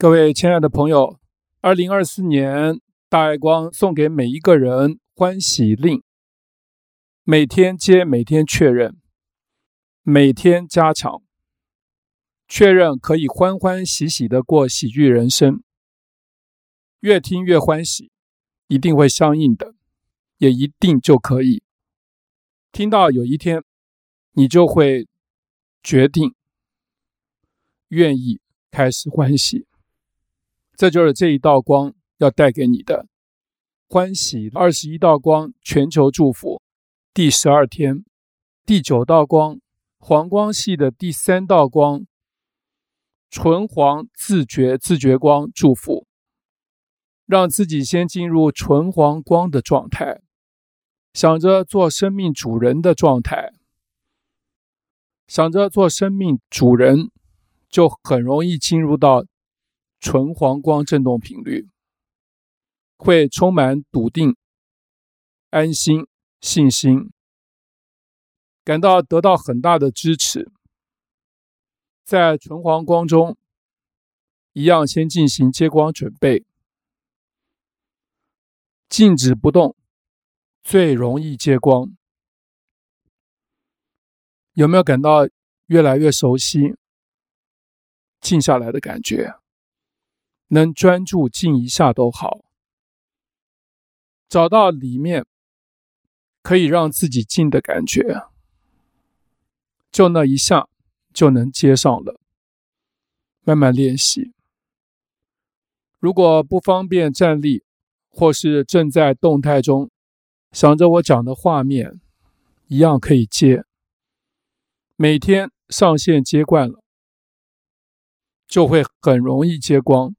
各位親愛的朋友，二零二四年大愛光送給每一個人歡喜令，每天接，每天確認，每天加強，確認可以歡歡喜喜的過喜劇人生。越聽越歡喜，一定會相應的，也一定就可以聽到有一天，你就會決定願意開始歡喜。這就是這一道光要帶給你的歡喜。二十一道光全球祝福，第十二天，第九道光，黃光系的第三道光，純黃自覺自決光祝福，讓自己先進入純黃光的狀態，想着做生命主人的狀態，想着做生命主人，就很容易進入到。純黃光振動頻率會充滿篤定、安心、信心，感到得到很大的支持。在純黃光中，一樣先進行接光準備，靜止不動最容易接光。有沒有感到越來越熟悉、靜下來的感覺？能專注靜一下都好，找到裡面可以讓自己靜的感覺，就那一下就能接上了。慢慢練習，如果不方便站立，或是正在動態中，想着我講的畫面，一樣可以接。每天上線接慣了，就會很容易接光。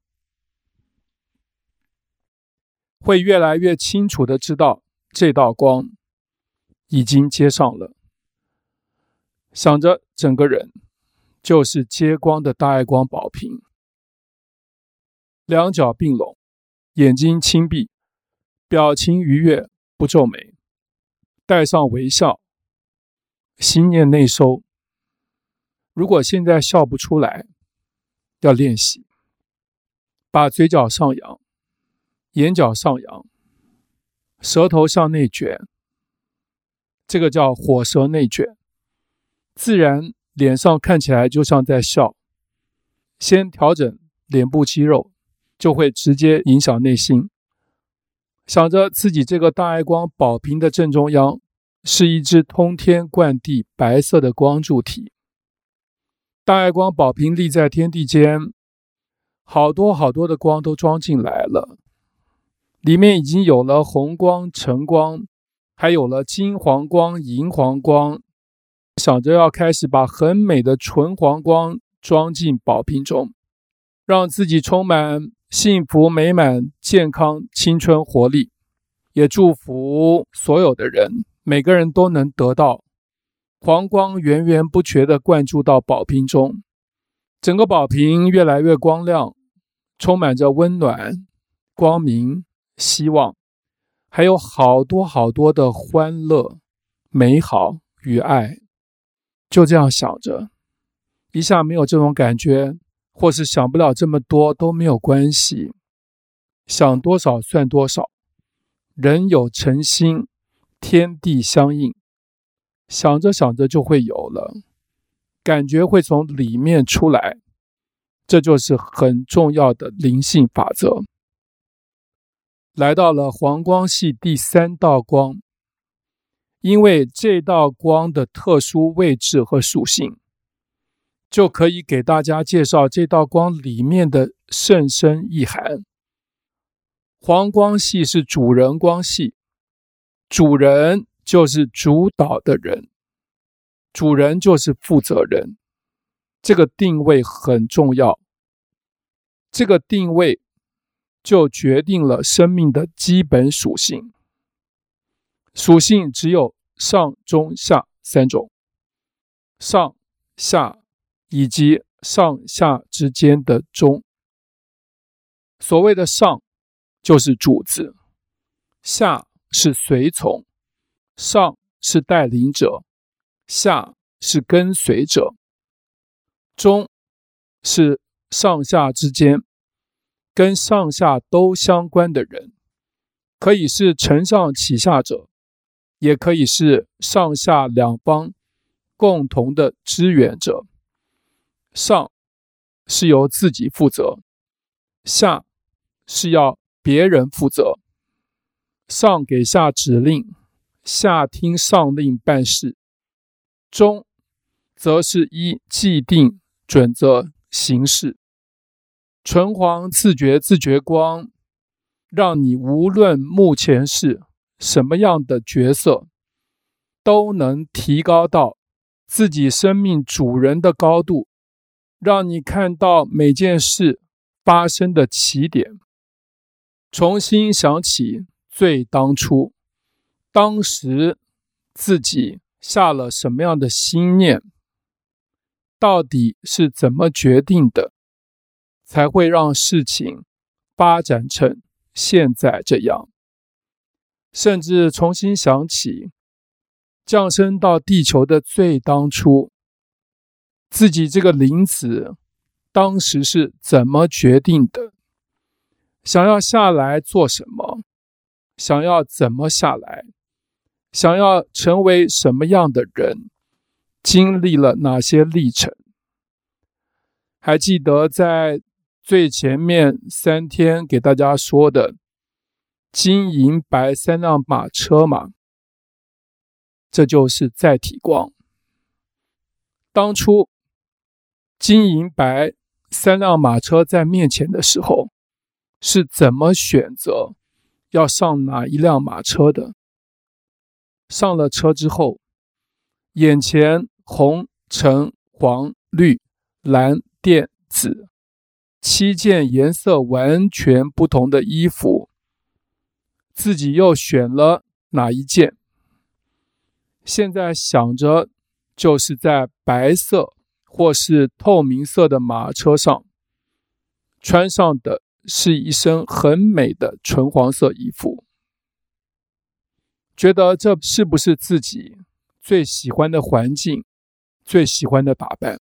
會越來越清楚地知道這道光已經接上了。想着整個人就是接光的大愛光寶瓶，兩腳並攏，眼睛輕閉，表情愉悅，不皺眉，帶上微笑，心念內收。如果現在笑不出來，要練習，把嘴角上揚。眼角上揚，舌頭向內捲，這個叫火舌內捲。自然，臉上看起來就像在笑。先調整臉部肌肉，就會直接影響內心。想着自己這個大愛光寶瓶的正中央，是一只通天貫地白色的光柱體。大愛光寶瓶立在天地間，好多好多的光都裝進來了。裡面已經有了紅光、橙光，還有了金黃光、銀黃光。想着要開始把很美的純黃光裝進寶瓶中，讓自己充滿幸福、美滿、健康、青春活力。也祝福所有的人，每個人都能得到黃光，源源不絕地灌注到寶瓶中，整個寶瓶越來越光亮，充滿着溫暖、光明。希望，還有好多好多的歡樂、美好與愛，就這樣想着。一下沒有這種感覺，或是想不了這麼多都沒有關係，想多少算多少。人有誠心，天地相應，想着想着就會有了，感覺會從裡面出來。這就是很重要的靈性法則。來到了黃光系，第三道光，因為這道光的特殊位置和屬性，就可以給大家介紹這道光裡面的甚深意涵。黃光系是主人光系，主人就是主導的人，主人就是負責人，這個定位很重要，這個定位。就決定了生命的基本屬性。屬性只有上、中、下三種。上、下以及上下之間的中。所謂的上，就是主子；下是隨從；上是帶領者，下是跟隨者；中是上下之間。跟上下都相關的人，可以是承上啟下者，也可以是上下兩方共同的支援者。上是由自己負責，下是要別人負責。上給下指令，下聽上令辦事。中，則是依既定準則行事。純黃自覺自決光，讓你無論目前是什麼樣的角色，都能提高到自己生命主人的高度，讓你看到每件事發生的起點，重新想起最當初，當時自己下了什麼樣的心念，到底是怎麼決定的，才會讓事情發展成現在這樣，甚至重新想起降生到地球的最當初，自己這個靈子當時是怎麼決定的？想要下來做什麼？想要怎麼下來？想要成為什麼樣的人？經歷了哪些歷程？還記得在最前面三天給大家說的金、銀、白三輛馬車嘛，這就是載體光。當初金、銀、白三輛馬車在面前的時候，是怎麼選擇要上哪一輛馬車的？上了車之後，眼前紅、橙、黃、綠、藍、靛、紫。七件顏色完全不同的衣服，自己又選了哪一件？現在想着，就是在白色或是透明色的馬車上，穿上的是一身很美的純黃色衣服。覺得這是不是自己最喜歡的環境，最喜歡的打扮？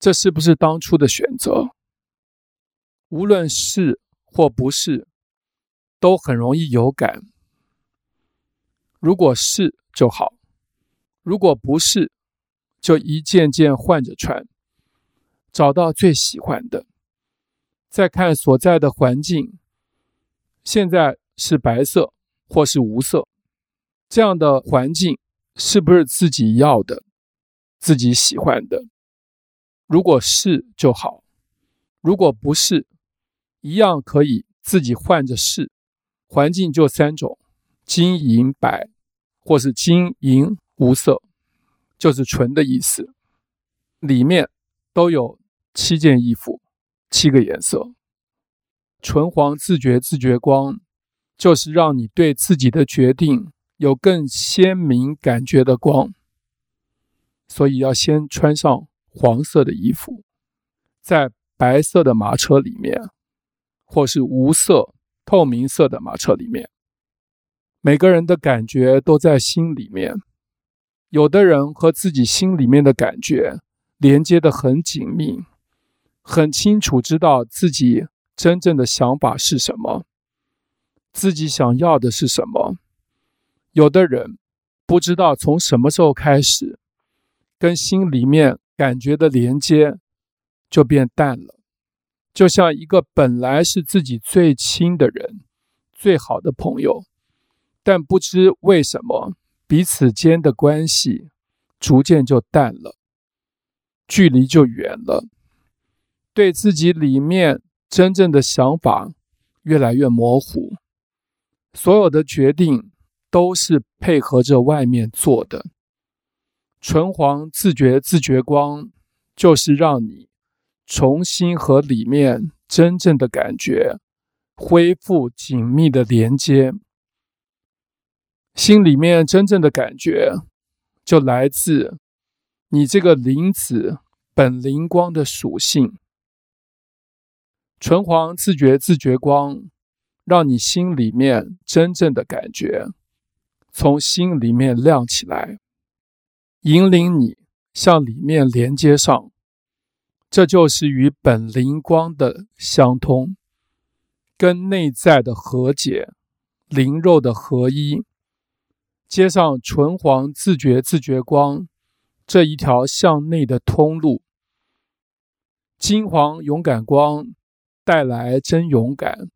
這是不是當初的選擇？無論是或不是，都很容易有感。如果是就好；如果不是，就一件件換着穿，找到最喜歡的。再看所在的環境，現在是白色或是無色，這樣的環境是不是自己要的、自己喜歡的？如果是就好；如果不是。一樣可以自己換着試，環境就三種：金銀白，或是金銀無色，就是純的意思。裡面都有七件衣服，七個顏色。純黃自覺自決光，就是讓你對自己的決定有更鮮明感覺的光。所以要先穿上黃色的衣服，在白色的馬車裡面，或是無色、透明色的馬車裡面，每個人的感覺都在心裡面。有的人和自己心裡面的感覺連接得很緊密，很清楚知道自己真正的想法是什麼，自己想要的是什麼。有的人不知道從什麼時候開始，跟心裡面感覺的連接就變淡了。就像一個本來是自己最親的人、最好的朋友，但不知為什麼，彼此間的關係逐漸就淡了，距離就遠了，對自己裡面真正的想法越來越模糊，所有的決定都是配合着外面做的。純黃自覺自決光，就是讓你。重新和裡面真正的感覺恢復緊密的連接，心裡面真正的感覺就來自你這個靈子本靈光的屬性。純黃自覺自決光，讓你心裡面真正的感覺從心裡面亮起來，引領你向裡面連接上。這就是與本靈光的相通，跟內在的和解、靈肉的合一，接上純黃自覺自決光這一條向內的通路。金黃勇敢光帶來真勇敢，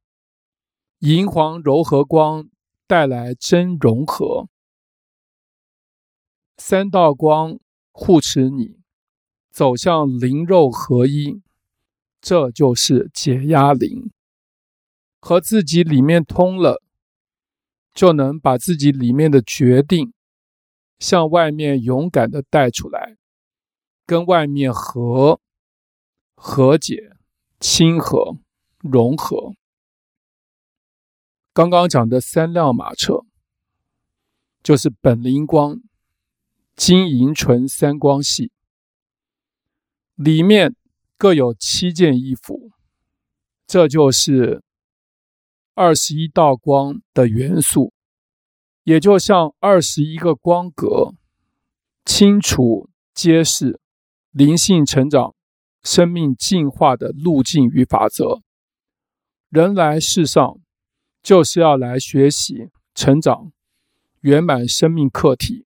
銀黃柔和光帶來真融合，三道光護持你。走向靈肉合一，這就是解壓靈。和自己裡面通了，就能把自己裡面的決定，向外面勇敢的帶出來，跟外面和、和解、親和、融合。剛剛講的三輛馬車，就是本靈光、金銀純三光系。裡面各有七件衣服，這就是二十一道光的元素，也就像二十一個光格，清楚揭示靈性成長、生命進化的路徑與法則。人來世上就是要來學習、成長、圓滿生命課題，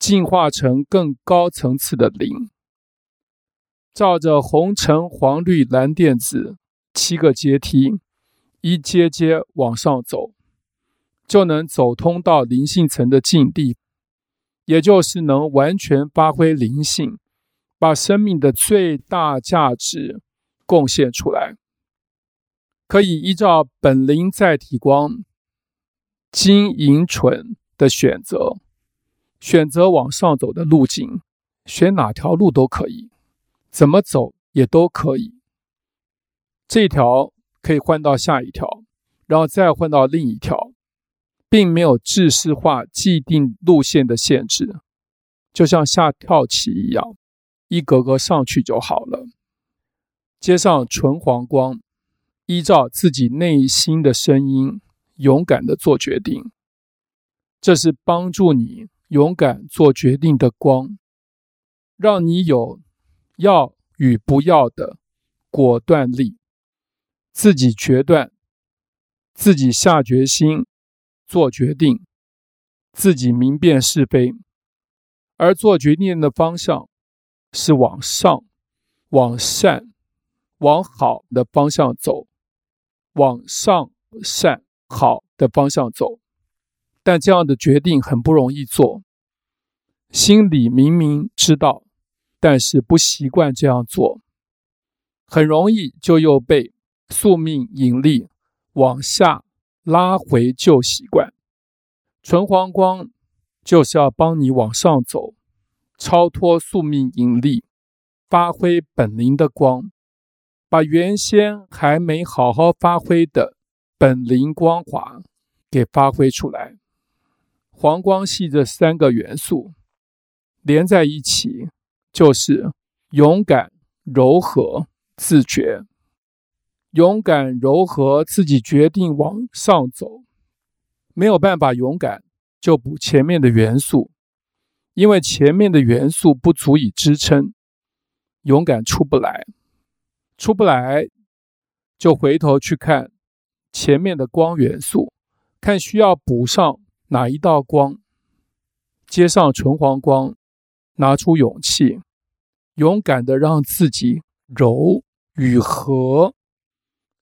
進化成更高層次的靈。照着紅橙黃綠藍靛紫七個階梯，一階階往上走，就能走通到靈性層的境地，也就是能完全發揮靈性，把生命的最大價值貢獻出來。可以依照本靈載體光金銀純的選擇，選擇往上走的路徑，選哪條路都可以。怎麼走也都可以，這條可以換到下一條，然後再換到另一條，並沒有制式化既定路線的限制，就像下跳棋一樣，一格格上去就好了。接上純黃光，依照自己內心的聲音，勇敢的做決定，這是幫助你勇敢做決定的光，讓你有。要與不要的果斷力，自己決斷，自己下決心做決定，自己明辨是非，而做決定的方向是往上、往善、往好的方向走，往上、善、好的方向走。但這樣的決定很不容易做，心裡明明知道。但是不習慣這樣做，很容易就又被宿命引力往下拉回舊習慣。純黃光就是要幫你往上走，超脫宿命引力，發揮本靈的光，把原先還沒好好發揮的本靈光華給發揮出來。黃光系這三個元素連在一起。就是勇敢、柔和、自覺。勇敢、柔和，自己決定往上走，沒有辦法勇敢，就補前面的元素，因為前面的元素不足以支撐，勇敢出不來，出不來就回頭去看前面的光元素，看需要補上哪一道光，接上純黃光。拿出勇氣，勇敢的讓自己柔與和。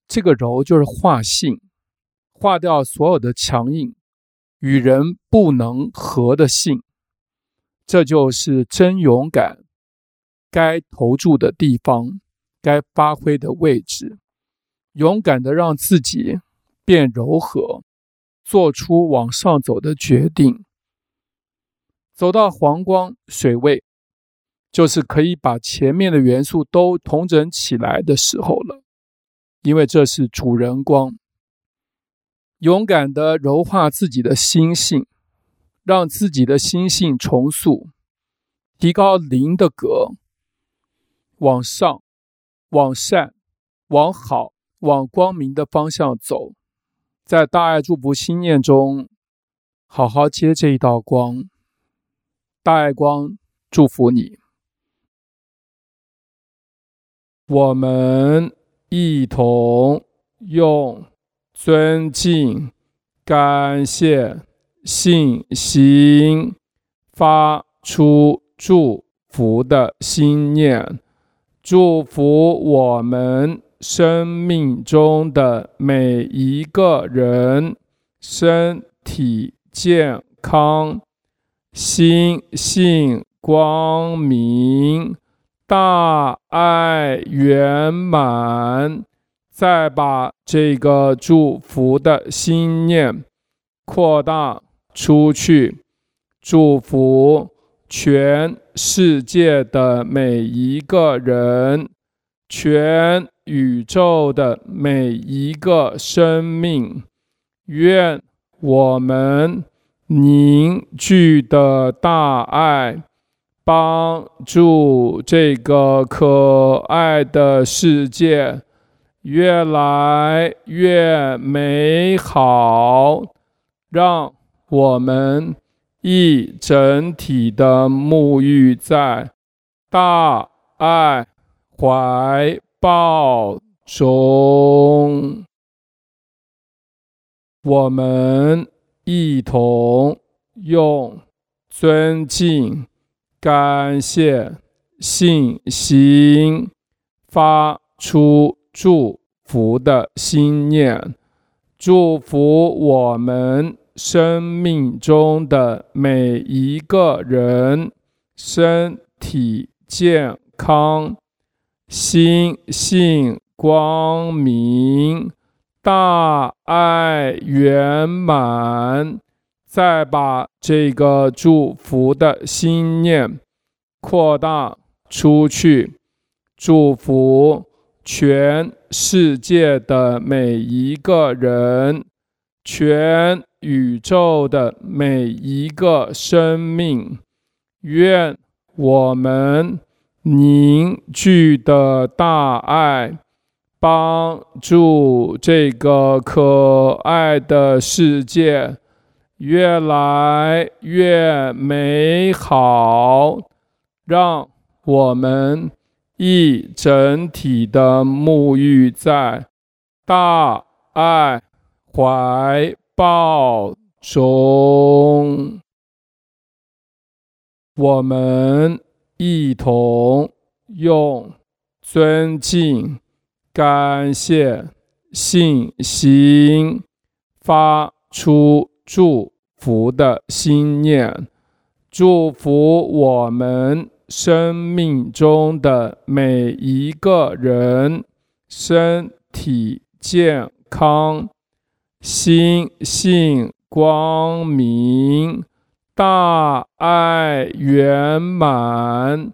這個柔就是化性，化掉所有的強硬，與人不能和的性。這就是真勇敢，該投注的地方，該發揮的位置，勇敢的讓自己變柔和，做出往上走的決定。走到黃光水位，就是可以把前面的元素都統整起來的時候了，因為這是主人光。勇敢地柔化自己的心性，讓自己的心性重塑，提高靈的格，往上、往善、往好、往光明的方向走，在大愛祝福心念中，好好接這一道光。大愛光祝福你，我們一同用尊敬、感謝、信心發出祝福的心念，祝福我們生命中的每一個人身體健康，心性光明，大愛圓滿。再把這個祝福的心念擴大出去，祝福全世界的每一個人，全宇宙的每一個生命。願我們，凝聚的大愛，幫助這個可愛的世界越來越美好，讓我們一整體的沐浴在大愛懷抱中，我們。一同用尊敬、感謝、信心發出祝福的心念，祝福我們生命中的每一個人，身體健康，心性光明。大愛圓滿，再把這個祝福的心念擴大出去，祝福全世界的每一個人，全宇宙的每一個生命。願我們凝聚的大愛。幫助這個可愛的世界越來越美好，讓我們一整體的沐浴在大愛懷抱中，我們一同用尊敬。感謝信心發出祝福的心念，祝福我們生命中的每一個人，身體健康，心性光明，大愛圓滿。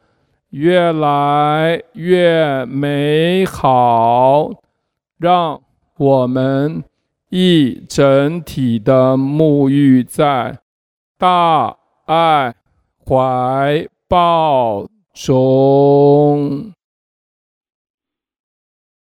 越來越美好，讓我們一整體的沐浴在大愛懷抱中。